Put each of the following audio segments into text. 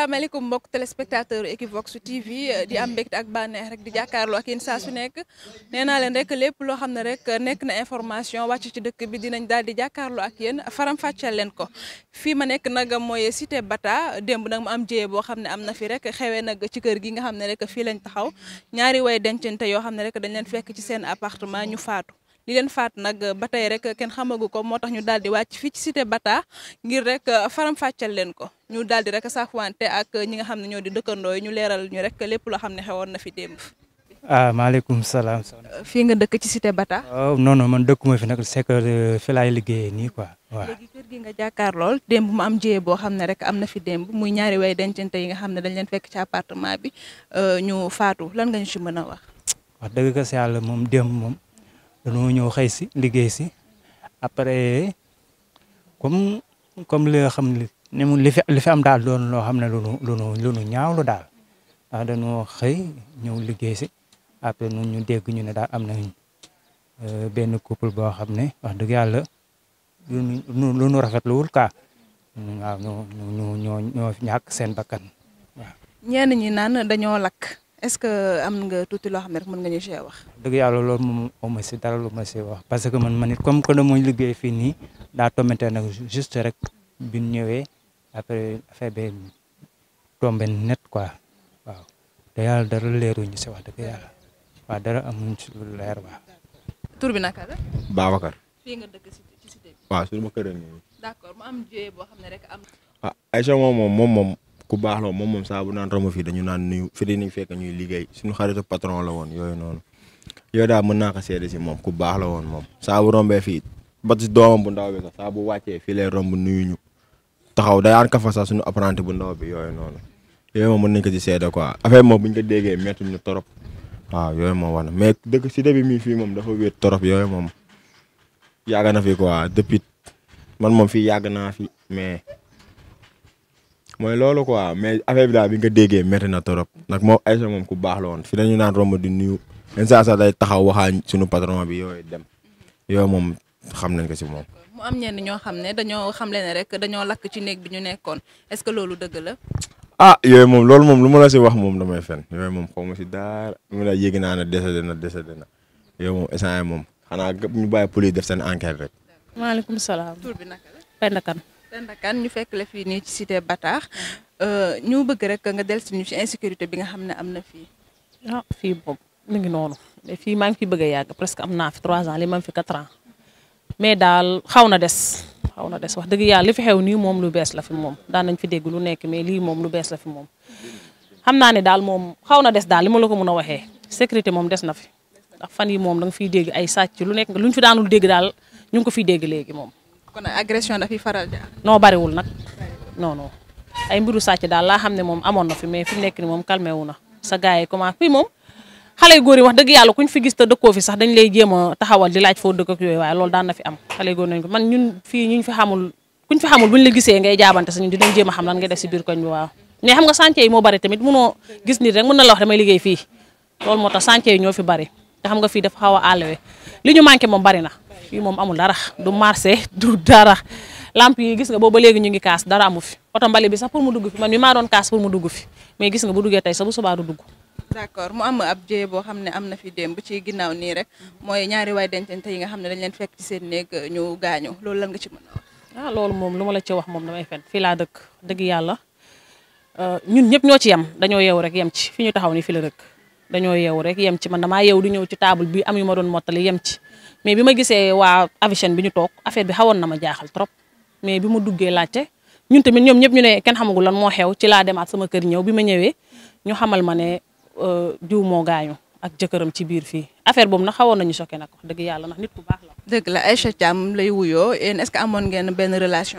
asalaamaaleykum mbokk téléspectateur Equivox TV di am mbégte ak bànneex rek di jàkkaarloo ak yéen saa nekk nee naa leen rek lépp loo xam ne rek nekk na information wàcc ci dëkk bi dinañ daal di jàkkaarloo ak yéen faram-fàcceel leen ko fii ma nekk nag mooy cité Bata demb nag mu am jéye boo xam ne am na fi rek xewee nag ci kër gi nga xam ne rek fii lañ taxaw ñaari way dencante yoo xam ne rek dañ leen fekk ci seen apartement ñu faatu li leen faat nag euh, ba tey rek kenn xamagu ko moo tax ñu daal di wàcc fii ci cité Bata ngir rek euh, faram-fàcceel leen ko ñu daal di rek saafwante ak euh, ñi nga xam ne ñoo di dëkkandoo ñu leeral ñu rek lépp loo xam ne xewoon na fi démb. ah maaleykum salaam. fii nga dëkk ci cité Bata. waaw non dëkkuma fi nag c'est que liggéeyee nii quoi. waaw léegi nga jàkkaarlool démb mu am jiyee boo xam ne rek am na fi démb muy ñaari way dencante yi nga xam ne dañ leen fekk ci appartement bi ñu faatu lan nga ñu ci mën a wax. wax dëgg ka si yàlla moom démb moom dañoo ñëw xëy si liggéey si après comme comme li nga xam ne mu li fi li fi am daal doon loo xam ne lu nu lu nu ñaawlu daal ah dañoo xëy ñëw liggéey si après ñun ñu dégg ñu ne daal am nañ euh, benn couple boo xam ne wax dëgg yàlla lu nu lu nu rafetluwul quoi waaw ñoo ñoo ñoo ñoo ñàkk seen bakkan waaw. ñenn ñi naan dañoo lakk. est-ce que am nga tuuti loo xam ne rek mën nga ñu see wax. dëgg yàlla loolu moom amu si dara lu ma si wax parce que man man it comme que dama liggéey fii nii daa tombante nag juste rek bi ñu ñëwee après affaire bi tombé net quoi waaw te yàlla dara leeruñu si wax dëgg yàlla waaw dara am si leer waaw. tur bi naka la. Babacar. fii nga dëkk ci cité bi. waaw suñu ma kër la mu am jiyee boo xam ne rek am. ah Aïcha moom moom moom. ku baax la moom moom saa naan romb fii dañu naan nuyu fi dinañ fekk ñuy liggéey suñu xaritu patron la woon yooyu noonu yooyu daal man naa ko seede si moom ku baax la woon moom saa bu rombee ba si doomam bu ndaw bi sax saa bu wàccee fii lay romb nuyu ñu taxaw dayaan kafa sax suñu apprenti bu ndaw bi yooyu noonu yooyu mën nañ ko ci seede quoi affaire moom bu ko déggee métti ñu torop waaw yooyu moom si début mi fii moom dafa wéet torop yooyu moom yàgg na fi quoi depuis man moom fii yàgg naa fi ma mooy loolu quoi mais affaire bi daal bi nga déggee métti na trop nag moom Aïcha moom ku baax la woon fi dañu naan romb di nuyu insa patron bi yooyu dem yooyu moom xam nañ ko si moom. mu am ñenn ñoo xam ne dañoo xamle ne rek dañoo lakk ci néeg bi ñu nekkoon est-ce que loolu dëgg la. ah yooyu moom loolu moom lu ma la si wax moom damay fen yooyu moom xaw ma si daara mu la yéegi naa ne décédé na décédé na yooyu moom instant moom xanaa ñu bàyyi police def seen enquête salaam tur Penda Kane ñu fekk la fii nii ci cité Bataar euh, ñu bëgg rek nga dell si ñu ci sécurité bi nga xam ne am na fii. ah fii boobu mu ngi noonu mais fii maa ngi fi bëgg a yàgg presque am naa fi 3 ans li ma fi 4 ans mais daal xaw na des xaw na des wax dëgg yàlla li fi xew nii moom lu bees la fi moom daan nañ fi dégg lu nekk mais lii moom lu bees la fi moom. xam naa ne daal moom xaw na des daal li ma la ko mën a waxee sécurité moom des na fi ndax fan yi moom da nga fiy dégg ay sàcc lu nekk luñ fi daanul dégg daal ñu ngi ko fiy dégg léegi moom. kon agression da fi faral di am. bariwul nag non ay mbiru sàcc daal laa xam ne moom amoon na fi mais fi mu nekk ni moom calmé wu na sa gars yi commencé fii moom xale yu góor fi gis te dëkkoo fi sax a taxawal di laaj foo dëkk ak yooyu waaye loolu daan na fi am xale góor nañ ko fi xamul la gisee ngay jaabante sax ñun a xam lan ngay def si biir koñ bi waaw nga chantier yi moo bari tamit mënoo gis nit rek mën na la wax damay liggéey fii loolu moo tax chantier yi ñoo fi bari te xam nga fii dafa xaw a àllewe li ñu manqué moom bari na fii moom amul dara du marché du dara lamp yi gis nga boobu ba léegi ñu ngi kaas dara amu fi oto mbali bi sax pour mu dugg fi man mi maa doon kaas pour mu dugg fi mais gis nga bu tey sax bu subaa du mu am ab jëye boo xam ne am na fi démb ci ginnaaw nii rek mooy ñaari waay dencante yi nga xam ne dañ leen fekk ci seen néeg euh, ñu gaañu loolu lan nga ci mën a wax ah, loolu moom lu ma la ci wax moom damay fen fii laa dëkk dëgg yàlla euh, ñun ñëpp ñoo ci yem dañoo yeewu rek yem ci fi ñu taxaw ni fi la dëkk dañoo yeewu rek yem ci man damaa yeewu di ñëw ci table bi am yu ma doon mottali yem ci mais bi ma gisee waa Avicenne bi ñu toog affaire bi xawoon na ma jaaxal trop mais bi ma duggee laajte ñun tamit ñoom ñëpp ñu ne kenn xamagul lan moo xew ci laa demaat sama kër ñëw bi ma ñëwee ñu xamal ma ne euh, diw moo gaañu ak jëkkëram ci biir fii affaire boobu nag xawoon nañu choqué nag wax dëgg yàlla ndax nit ku baax la. dëgg la Aïcha Thiam lay wuyoo yéen est-ce que amoon ngeen benn relation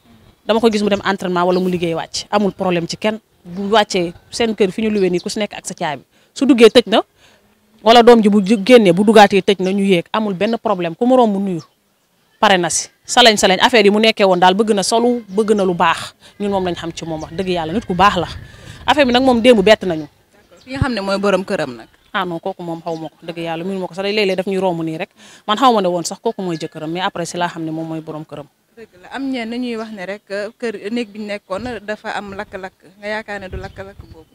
dama ko gis mu dem entraînement wala mu liggéey wàcc amul problème ci kenn bu wàccee seen kër fi ñu luwee nii ku si nekk ak sa caabi su duggee tëj na wala doom ji bu génnee bu dugaatee tëj na ñu yéeg amul benn problème ku mu romb nuyu pare na si salañ salañ affaire yi mu nekkee woon daal bëgg na solu bëgg na lu baax ñun moom lañ xam ci moom wax dëgg yàlla nit ku baax la affaire bi nag moom démb bett nañu. ki nga xam ne mooy borom këram nag. ah non kooku moom xaw ma ko dëgg laa xam ne moom mooy borom këram dëgg la am ñenn ñuy wax ne rek euh, kër néeg bi nekkoon euh, dafa am lakk-lakk nga yaakaar ne du lakk-lakk boobu.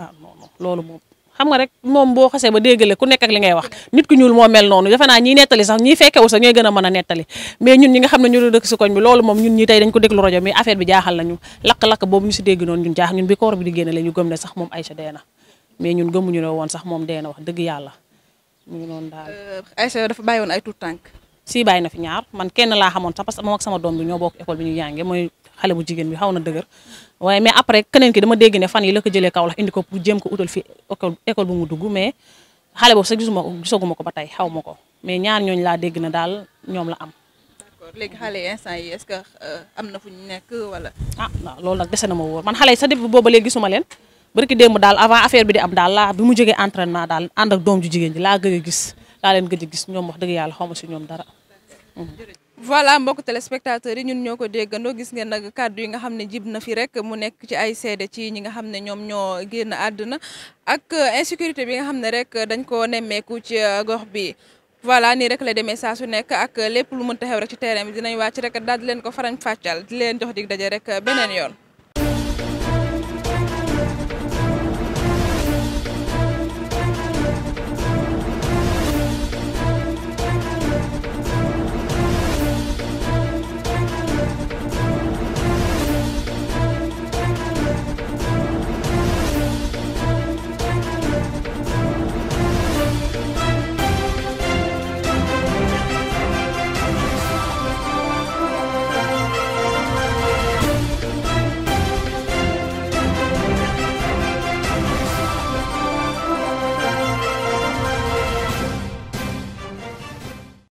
ah non loolu moom xam nga rek moom boo xasee ba déggale ku nekk ak ngay wax nit ku ñuul moo mel noonu defe naa nettali sax ñiy fekkewu sax ñooy gën a mën a nettali mais ñun ñi nga xam ne ñu doon dëkk si koñ bi loolu moom ñun ñi tey dañ ko déglu rajo mais affaire bi jaaxal nañu lakk-lakk boobu ñu si dégg noonu ñun jaax ñun bi bi di génne la gëm ne sax si bàyyi na fi ñaar man kenn laa xamoon sax parce que moom ak sama doom bi ñoo bokk école bi ñu jàngee mooy xale bu jigéen bi xaw na dëgër waaye mais après keneen ki dama dégg ne fan yi la ko jëlee Kaolack indi ko ko utal fi dugg mais xale boobu sax gisuma ko ba tey xaw ma ko mais ñaar ñooñu laa dégg na daal ñoom la am d'accord léegi xale yi instant yi est que euh, am na fu ñu nekk wala a ah, waaw loolu nag dese na ma wóor man xale yi sax depuis booba léegi gisuma leen barki démb daal avant affaire bi di am daal laa bi mu jógee entraînement daal ànd ak doom ju jigéen ji laa gëj gis laa leen gëj gis ñoom wax dëgg yàlla xaw ma si ñoom dara. voilà mbokk téléspectateurs yi ñun ñoo ko déggandoo gis ngeen nag kàddu yi nga xam ne jib na fi rek mu nekk ci ay seede ci ñi nga xam ne ñoom ñoo génn àdduna ak insécurité bi nga xam ne rek dañ ko nemmeeku ci gox bi. voilà nii rek la demee saa su nekk ak lépp lu mën taxew rek ci terrain bi dinañ wàcc rek daal di leen ko farañ fàccal di leen jox dig daje rek beneen yoon.